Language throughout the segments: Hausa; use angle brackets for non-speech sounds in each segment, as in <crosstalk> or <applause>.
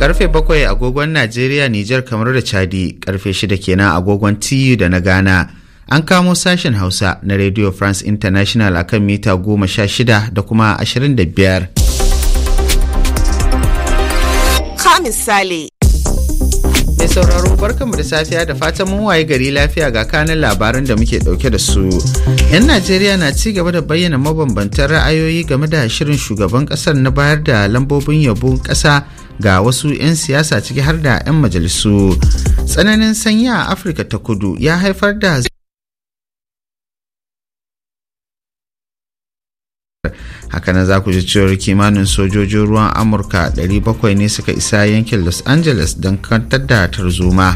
karfe bakwai agogon najeriya nijar kamar da chadi karfe shida kenan agogon tu da na ghana an kamo sashen hausa na radio france international akan mita goma sha shida da kuma ashirin da biyar. Mai sauraro barkanmu da safiya da fatan mun waye gari lafiya ga kanin labaran da muke dauke da su. 'Yan Najeriya na ci gaba da bayyana mabambantan ra'ayoyi game da shirin shugaban kasar na bayar da lambobin yabon kasa ga wasu 'yan siyasa ciki har da 'yan majalisu. Tsananin sanyi a Afirka ta kudu ya haifar da hakanan za ku ji cewar kimanin sojojin ruwan amurka 700 ne suka isa yankin los angeles don kantar da tarzoma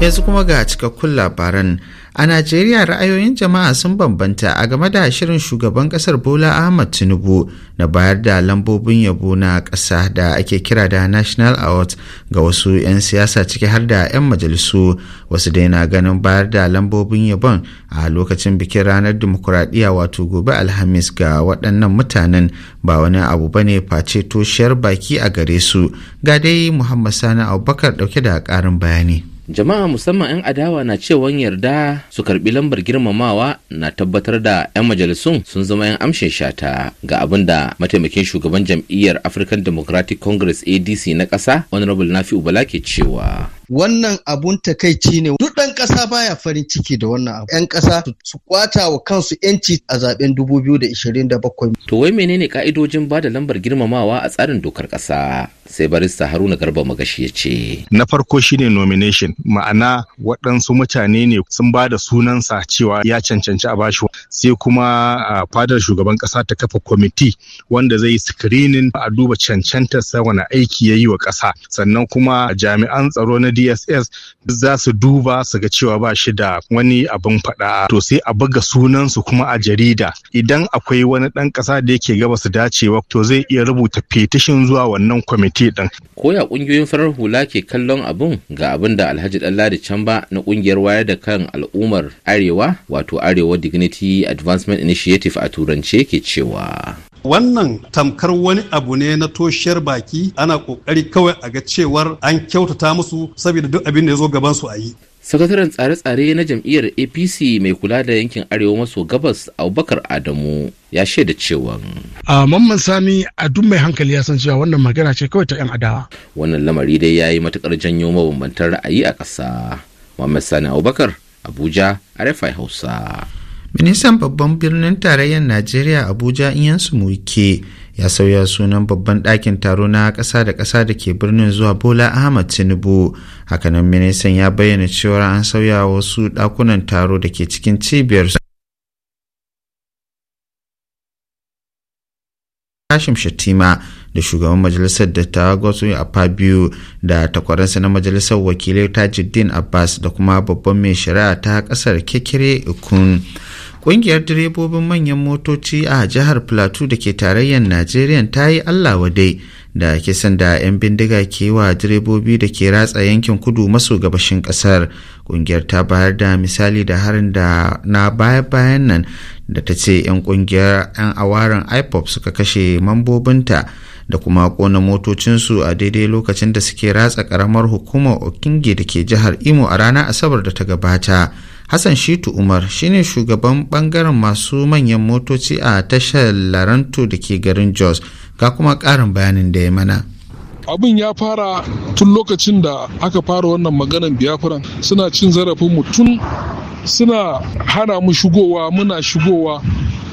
yanzu kuma ga cikakkun labaran A Najeriya ra'ayoyin jama'a sun bambanta a game da shirin shugaban kasar Bola Ahmad Tinubu na bayar da lambobin yabo na ƙasa da ake kira da National Award ga wasu 'yan siyasa ciki har da 'yan majalisu wasu dai na ganin bayar da lambobin yabon a lokacin bikin ranar dimokuraɗiyya wato gobe Alhamis ga waɗannan mutanen ba wani abu bane face toshiyar baki a gare su ga dai Muhammad Sani Abubakar ɗauke da ƙarin bayani. jama'a musamman 'yan adawa na cewa yarda su karbi lambar girmamawa na tabbatar da 'yan majalisun sun zama 'yan amshin shata ga abin da mataimakin shugaban jam'iyyar african democratic congress adc na ƙasa honorable nafi ubala ke cewa wannan abun takaici ne duk ɗan ƙasa baya farin ciki da wannan abu 'yan ƙasa su kwata wa kansu 'yanci a zaben 2027 to wai menene ka'idojin ba da lambar girmamawa a tsarin dokar ƙasa sai barista haruna garba magashi ya ce na farko shine nomination ma'ana waɗansu mutane ne sun ba da sunansa cewa ya cancanci a bashi sai kuma a fadar shugaban ƙasa ta kafa kwamiti wanda zai yi screening a duba cancanta, sa wani aiki ya yi wa ƙasa sannan kuma jami'an tsaro na dss za su duba su ga cewa ba shi da wani abin faɗa to sai a buga sunansu kuma a jarida idan akwai wani ɗan ƙasa da yake gaba su dacewa to zai iya rubuta fetishin zuwa wannan kwamiti kwamiti din. Koya ƙungiyoyin farar hula ke kallon abun ga abin da Alhaji Dalladi Chamba na ƙungiyar wayar da kan al'ummar Arewa wato Arewa Dignity Advancement Initiative a turance ke cewa. wannan tamkar wani abu ne na toshiyar baki ana kokari kawai a ga cewar an kyautata musu saboda duk abin da ya zo gabansu a yi sakataren tsare-tsare na jam'iyyar apc mai kula da yankin arewa maso gabas abubakar adamu ya shaida cewa a mamman sani a duk mai hankali ya san cewa wannan magana ce kawai ta yan adawa wannan lamari dai ya yi matukar janyo mabambantan ra'ayi a ƙasa mamman sani abubakar abuja arefai hausa ministan babban birnin tarayyar najeriya abuja iyansu muke ya sauya sunan babban ɗakin taro na ƙasa da ƙasa da ke birnin zuwa bola ahmad tinubu hakanan ministan ya bayyana cewa an sauya wasu ɗakunan taro da ke cikin cibiyar Hashim Shatima da shugaban majalisar dattawa Gosu Afabiyu da takwaransa na majalisar wakilai Tajuddin Abbas da kuma babban mai shari'a ta kasar Kekere Ikun. Ƙungiyar direbobin manyan motoci a jihar Plateau da ke tarayyar Najeriya ta yi Allah wadai da kisan da 'yan bindiga ke wa direbobi da ke ratsa yankin kudu maso gabashin ƙasar. Ƙungiyar ta bayar da misali da harin da na baya-bayan nan da ta ce 'yan kungiyar 'yan awarin IPOP suka kashe mambobinta da kuma kona motocinsu a daidai lokacin da suke ratsa karamar hukumar Okinge da ke jihar Imo a ranar Asabar da ta gabata. Hassan Shitu Umar shine shugaban bangaren masu manyan motoci a tashar Laranto da ke garin Jos ga kuma ƙarin bayanin da ya mana. abin ya fara tun lokacin da aka fara wannan maganan biyafuran suna cin zarafin mu tun suna hana mu shigowa muna shigowa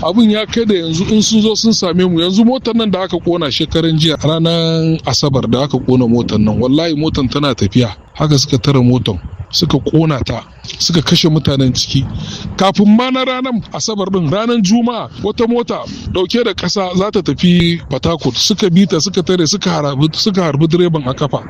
abin ya kai da yanzu in sun zo sun same mu yanzu motar nan da aka kona shekaran jiya ranar asabar da aka kona motar nan wallahi motar tana tafiya haka suka tara motar suka kona ta suka kashe mutanen ciki kafin ma na ranar asabar din ranar juma'a wata mota dauke da kasa za ta tafi fatakut suka bita suka tare suka harbi suka harbi direban a kafa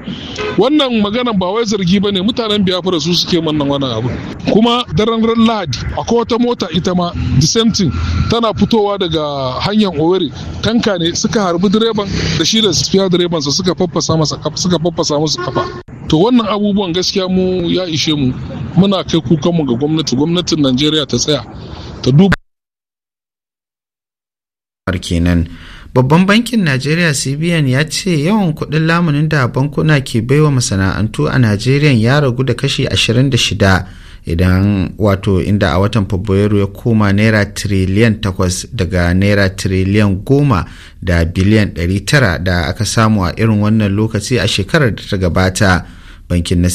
wannan maganar ba wai zargi bane mutanen biafra su suke wannan wani abu kuma daren ran lahadi akwai wata mota ita ma the tana fitowa daga hanyar owerri tanka ne suka harbi direban da shi da sifiya direbansa suka faffasa masa kafa suka faffasa musu kafa to wannan abubuwan gaskiya mu ya ishe mu muna kai kukanmu ga gwamnati gwamnatin najeriya ta tsaya ta duba kenan babban bankin najeriya cbn ya ce yawan kuɗin lamunin da bankuna ke baiwa masana'antu a najeriya ya ragu da kashi 26 idan wato inda a watan fabrairu ya koma naira tiriliyan takwas daga naira tiriliyan goma da biliyan ɗari tara da aka samu a irin wannan lokaci a shekarar da ta gabata bankin na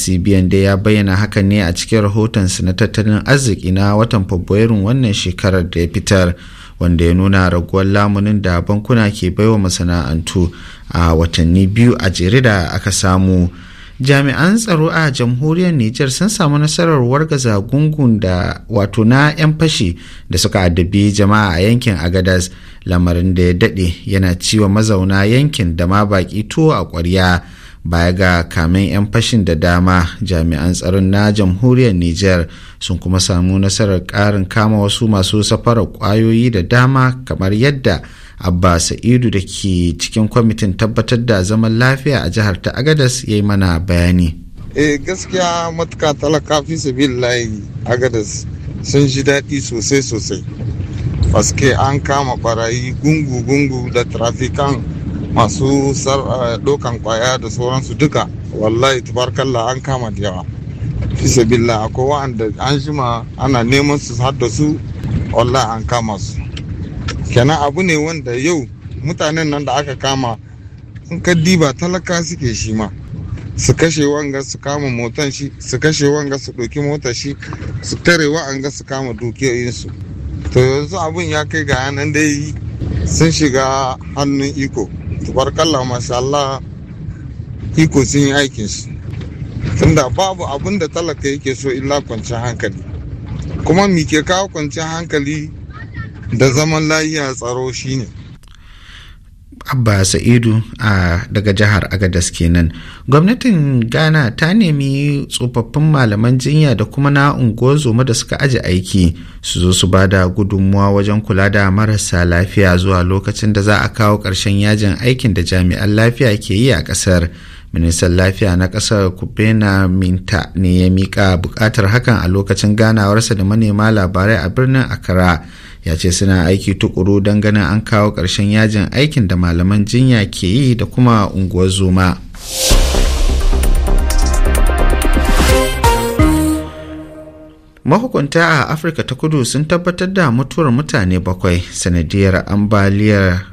dai ya bayyana hakan ne a cikin rahotonsa na tattalin arziki na watan fabrairu wannan shekarar da ya fitar wanda ya nuna raguwar lamunin da bankuna ke baiwa masana'antu a watanni biyu a jere da aka samu jami'an tsaro a jamhuriyar nijar sun samu nasarar warga zagungun da wato na 'yan fashi da suka addabi jama'a a yankin agadas lamarin da ya daɗe yana ciwa mazauna yankin da ma baƙi tuwo a ƙwarya baya ga kamen 'yan fashin da dama jami'an tsaron na jamhuriyar nijar sun kuma samu nasarar ƙarin kama wasu masu safarar ƙwayoyi da dama kamar yadda abba sa'idu da ke cikin kwamitin tabbatar da zaman lafiya a jihar ta agadas ya yi mana bayani eh gaskiya matuka talaka fi layi agadas sun ji daɗi sosai sosai paske an kama barayi gungu-gungu da trafikan masu eh, ɗaukan kwaya da sauransu duka wallahi tubarkalla an kama da yawa fi akwai wa'anda an jima ana neman su har su wallahi an kama su kenan abu ne wanda yau mutanen nan da aka kama in ka diba talaka suke shi ma su kashe wanga su kama motan shi su kashe wanga su ɗauki motar shi su tare wa'anga su kama dukiyoyinsu to yanzu abun ya kai ga yanan dai sun shiga hannun iko tubarkalla masha Allah iko sun yi aikin su tunda babu abun da talaka yake so illa kwanciyar hankali kuma mike kawo kwanciyar hankali da zaman lahiya tsaro shine abba sa'idu a daga jihar agadas kenan gwamnatin ghana ta nemi tsofaffin malaman jinya da kuma na unguwar da suka aji aiki su zo su ba da gudunmuwa wajen kula da marasa lafiya zuwa lokacin da za a kawo ƙarshen yajin aikin da jami'an lafiya ke yi a ƙasar ministan lafiya na ƙasar kubena minta ne ya mika buƙatar hakan a lokacin ganawarsa da manema labarai a birnin akara ya ce suna aiki tukuru don ganin an kawo ƙarshen yajin aikin da malaman jinya ke yi da kuma unguwar zoma mahukunta a afirka ta kudu sun tabbatar da mutuwar mutane bakwai sanadiyar ambaliyar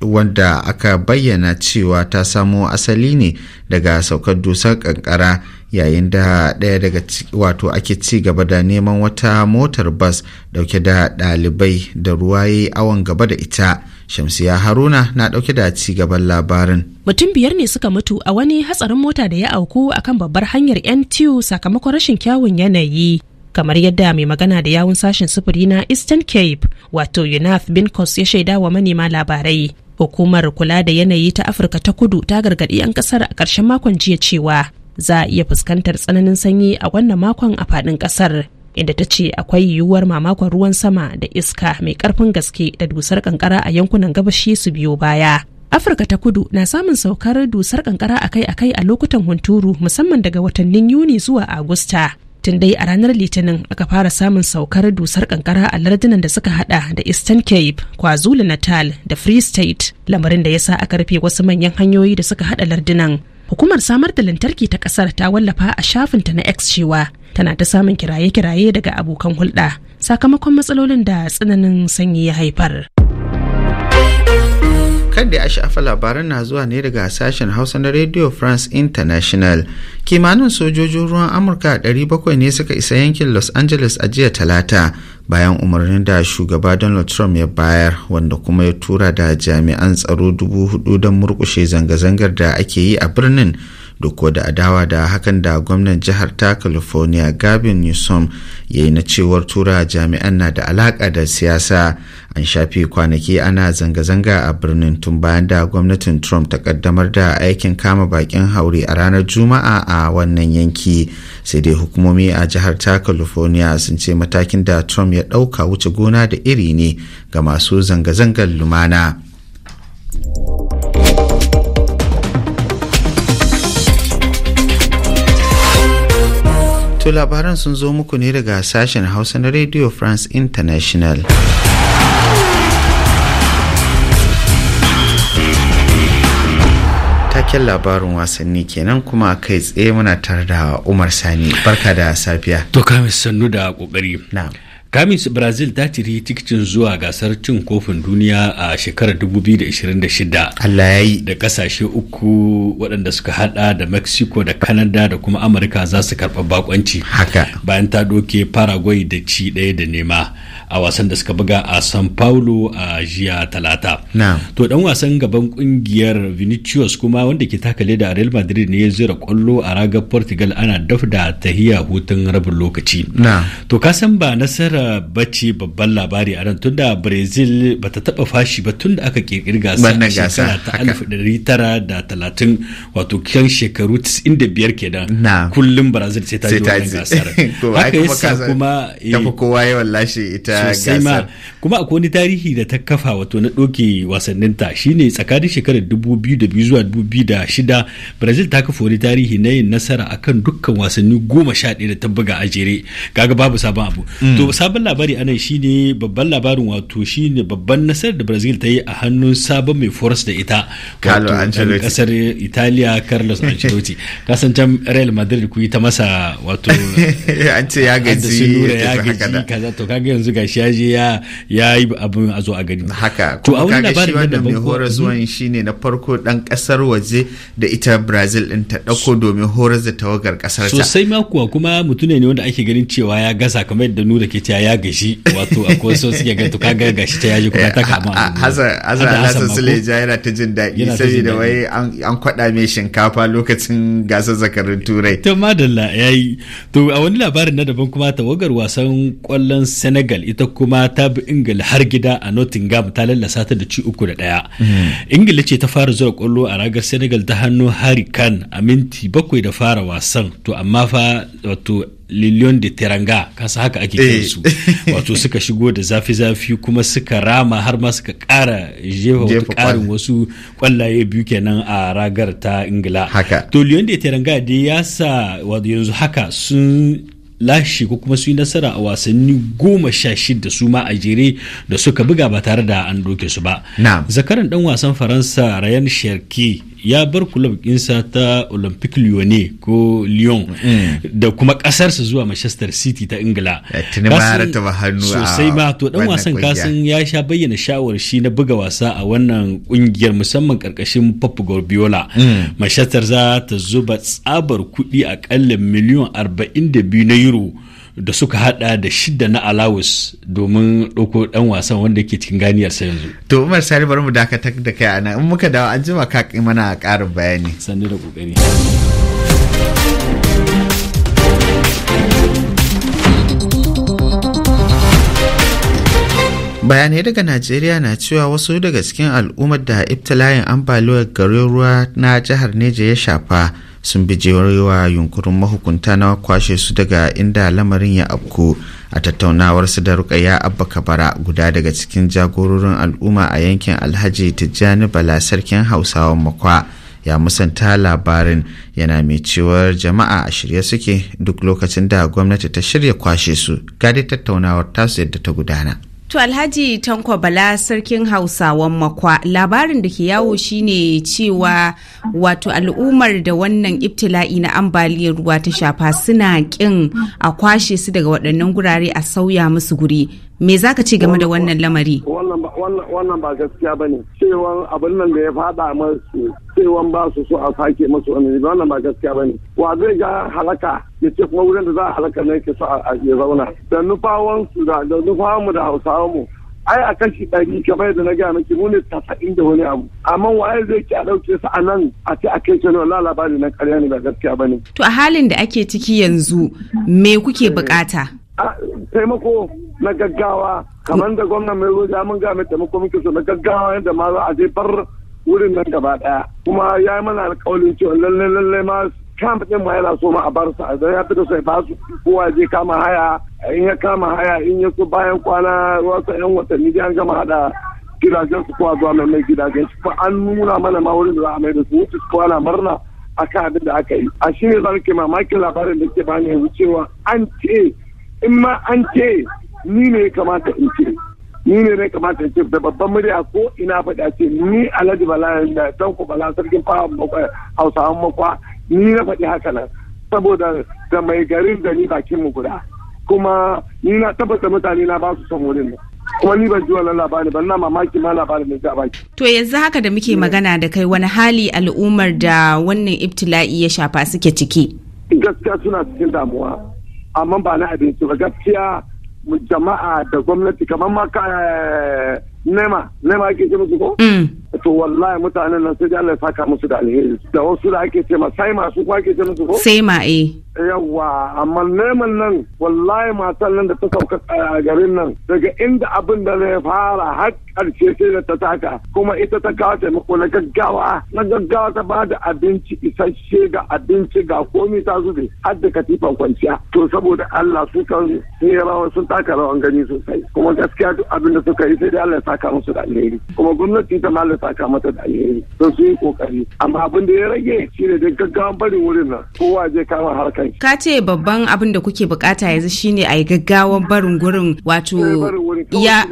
wanda aka bayyana cewa ta samo asali ne daga saukar dusar kankara yayin da ɗaya daga wato ake ci gaba da neman wata motar bas dauke da ɗalibai da ruwaye awon gaba da ita shamsiya haruna na dauke da ci gaban labarin mutum biyar ne suka mutu a wani hatsarin mota da ya auku akan babbar hanyar ntu sakamakon rashin kyawun yanayi kamar yadda mai magana da yawun sashen sufuri na eastern cape wato yunath bincos ya shaida wa manema labarai Hukumar kula da yanayi ta Afirka ta kudu ta gargaɗi 'yan ƙasar a ƙarshen makon jiya cewa za a iya fuskantar tsananin sanyi a wannan makon a faɗin ƙasar. Inda ta ce akwai yiwuwar mamakon ruwan sama da iska mai ƙarfin gaske da dusar ƙanƙara a yankunan gabashi su biyo baya. Afirka ta kudu na samun saukar dusar ƙanƙara akai-akai a lokutan hunturu musamman daga watannin Yuni zuwa Agusta. tun dai a ranar litinin aka fara samun saukar dusar kankara a lardunan da suka hada da eastern cape kwazulu natal da free state lamarin da ya sa aka rufe wasu manyan hanyoyi da suka hada lardunan hukumar samar da lantarki ta kasar ta wallafa a shafinta na x cewa tana ta samun kiraye-kiraye daga abokan hulɗa sakamakon matsalolin da tsananin sanyi ya haifar Kan da ya shafa labaran na zuwa ne daga sashen Hausa na Radio France International. Kimanin sojojin ruwan Amurka 700 ne suka isa yankin Los Angeles a jiya talata bayan umarnin da shugaba Donald Trump ya bayar wanda kuma ya tura da jami'an tsaro 4,000 don murkushe zanga-zangar da ake yi a birnin. duk da adawa da hakan da gwamnan jihar ta california gavin newsom ya yi na cewar tura jami'an na da alaƙa da siyasa an shafi kwanaki ana zanga-zanga a birnin tun bayan da gwamnatin trump ta kaddamar da aikin kama bakin haure a ranar juma'a a wannan yanki sai dai hukumomi a jihar ta california sun ce matakin da trump ya ɗauka wuce gona da iri ne ga masu zanga-zangar lumana. To labaran sun zo muku ne daga sashen Hausa na Radio France International. Taken labarin wasanni kenan kuma kai tsaye muna tare da Umar Sani. Barka da safiya. To kamis sannu da kokari. Na'am. Kamis Brazil ta ciri tikitin zuwa gasar cin kofin duniya a shekarar 2026. Allah ya yi. Da kasashe uku waɗanda suka hada da Mexico da Canada da kuma Amurka za su karɓa bakonci. Haka. Bayan ta doke Paraguay da ci ɗaya da nema. a wasan da suka buga a San Paulo a jiya talata. To dan wasan gaban kungiyar Vinicius kuma wanda ke takale da a Real Madrid ne ya zira kwallo a ragar Portugal ana daf da tahiya hutun rabin lokaci. To ka san ba nasara ce babban labari a nan tunda Brazil ta taba fashi ba tunda aka kirkiri gasa a shekara ta 1930 wato kyan shekaru 95 kenan. Kullum Brazil sai ta yi wannan gasar. <laughs> Haka yasa kuma eh, kowa yawan lashe ita sosai ma kuma akwai wani tarihi da ta kafa wato na doke wasannin ta shine tsakanin shekarar 2002 zuwa 2006 Brazil ta kafa wani tarihi na yin nasara a kan dukkan wasanni goma sha ɗaya da ta buga a jere kaga babu sabon abu mm. to sabon labari anan shine babban labarin wato shine babban nasarar da Brazil ta yi a hannun sabon mai force da ita wato kasar Italiya Carlos <laughs> Ancelotti kasan can Real Madrid ku yi ta masa wato <laughs> an ce ya gaji ya <laughs> gaji kaza to kaga yanzu ga shi ya je ya yi abin a zo a gani haka to a wani labarin wannan mai horar zuwan hmm? shine na farko dan kasar waje da ita Brazil din ta dauko domin horar da tawagar kasar ta sosai ma kuwa kuma mutum ne wanda ake ganin cewa ya gasa kamar yadda nura ke cewa ya gashi wato a ko so suke ga to ga gashi ta yaji kuma ta kama Hazar Hassan Sule yana ta jin daɗi saboda wai an kwada mai shinkafa lokacin gasar zakarin turai to madalla yayi to a wani labarin na daban kuma tawagar wasan kwallon Senegal ita kuma ta bi ingila har gida a nottingham ta lallasa ta da ci uku da ɗaya ingila ce ta fara zuwa kwallo a ragar senegal ta hannu harry kan a minti bakwai da fara wasan to amma fa wato lilion de teranga kasa haka ake kansu eh. <laughs> wato suka shigo da zafi-zafi kuma suka rama har ma suka kara jefa wata karin wasu kwallaye biyu kenan a ragar ta ingila to lilion de teranga dai ya sa yanzu haka sun lashe ko kuma su yi nasara a wasanni goma sha shida su ma a jere da suka buga ba tare da an doke su ba zakaran dan wasan faransa rayan sherki ya bar kulob ɗinsa ta olympic lyonnais ko lyon mm. da kuma ƙasarsa zuwa manchester city ta ingila sosai ma to dan wasan kasan ya sha bayyana shawar shi na buga wasa a wannan kungiyar musamman karkashin pop gorbiola mm. manchester za ta zuba tsabar kuɗi akalla miliyan 42 na euro da suka hada da shidda na alawus domin ɗauko ɗan wasan wanda ke cikin ganiyar sa yanzu. To Umar sari bari mu dakatar da kai ana in muka dawo an jima ka mana ƙarin bayani. Sannu da kokari bayanai daga najeriya na cewa wasu daga cikin al'ummar da ibtila'in ambaliyar garin ruwa na jihar neja ya shafa sun bi jewarwa yunkurin mahukunta na kwashe su daga inda lamarin ya afko a tattaunawarsu da rukaya abba kabara guda daga cikin jagororin al'umma a yankin alhaji tijjani bala sarkin hausawan makwa ya musanta labarin yana mai cewar jama'a a shirye suke duk lokacin da gwamnati ta shirya kwashe su gadi tattaunawar tasu yadda ta gudana To Alhaji Tanko Bala sarkin Hausawan makwa labarin da ke yawo shine cewa wato al'ummar da wannan ibtila'i na ambaliyar ruwa ta shafa suna kin a kwashe su daga waɗannan gurare a sauya musu guri. me za ka ci game da wannan lamari wannan ba gaskiya ba ne cewan abin nan da ya fada masu cewan ba su so a sake masu wani wannan ba gaskiya ba ne wa zai ga halaka ya ce kuma wurin da za a halaka ne ke so a ya zauna da nufawan su da nufawan mu da hausawan mu ai a kashi ɗari kamar yadda na gaya miki mu ne tasa'in da wani abu amma waye zai ki a ɗauke su a nan a ce a kai shi wala labari na ƙarya ne ba gaskiya ba ne. to a halin da ake ciki yanzu me kuke buƙata. taimako na gaggawa kamar da gwamnan mai roja mun ga mai taimako muke so na gaggawa yadda ma za a je bar wurin nan gaba daya kuma ya yi mana alƙawarin cewa lallai lallai ma kan ɗin ma yana so ma a bar sa idan ya fita sai basu kowa je kama haya in ya kama haya in ya so bayan kwana wasu yan watanni an gama hada gidajen su kowa zuwa mai mai gidajen su an nuna mana ma wurin da za a mai da su kowa na murna akan abin da aka yi a shi ne zan ke mamakin labarin da ke bani yanzu cewa an ce in ma an ce ni ne ya kamata in ce ni ne ne kamata in ce da babban murya ko ina faɗa ce ni alhaji bala da tanko bala sarkin fawa hausawan makwa ni na faɗi haka nan saboda da mai garin da ni bakin mu guda kuma ni na tabbata mutane na ba su son wurin nan kuma ni ban ji wannan labarin ban na mamaki ma labarin da baki. To yanzu haka da muke magana da kai wani hali al'ummar da wannan ibtila'i ya shafa suke ciki. Gaskiya suna cikin damuwa. amma ba na abinci ba gaskiya jama'a da gwamnati kamar ma eh, nema nema ake ce musu ko mm. to wallahi mutanen nan sai Allah ya saka musu da alheri da wasu da ake ce sai masu ko ake ce musu ko sai ma eh yawa amma neman nan wallahi matan nan da ta sauka a eh, garin nan daga inda abin da zai fara har karshe sai da ta taka kuma ita ta kawo taimako na gaggawa na gaggawa ta ba da abinci isasshe ga abinci ga komi ta zube har da katifan kwanciya to saboda Allah su kan rawa sun taka rawan gani sosai kuma gaskiya duk abin da suka yi sai da Allah ya saka musu da alheri kuma gwamnati ta mallaka saka mata da alheri don su yi kokari amma abin da ya rage shine da gaggawan barin wurin nan kowa zai kama harkan ka ce babban abin da kuke bukata yanzu shine a yi gaggawan barin gurin wato eh,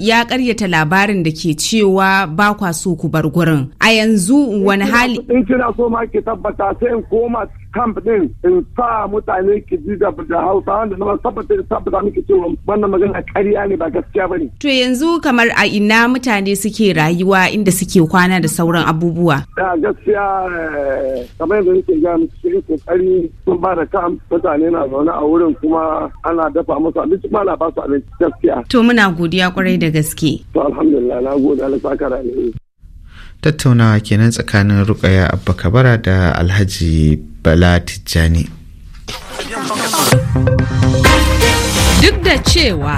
ya karyata labarin da ke cewa ba kwa so ku bar gurin a yanzu wani hali in kina so ma ki tabbata sai in koma camp din in sa mutane ki ji da hausa da na tabbata tabbata muke cewa wannan magana ƙarya ne ba gaskiya bane to yanzu kamar a ina mutane suke rayuwa inda suke kwana da sauran abubuwa da ah, gaskiya eh, kamar yadda nake ga miki cikin kokari sun ba da camp mutane na zaune a wurin kuma ana dafa musu abinci kuma ba su abinci gaskiya to muna godiya kwarai da gaske to alhamdulillah na gode saka tattaunawa kenan tsakanin rukaya abba kabara da alhaji bala tijjani duk da cewa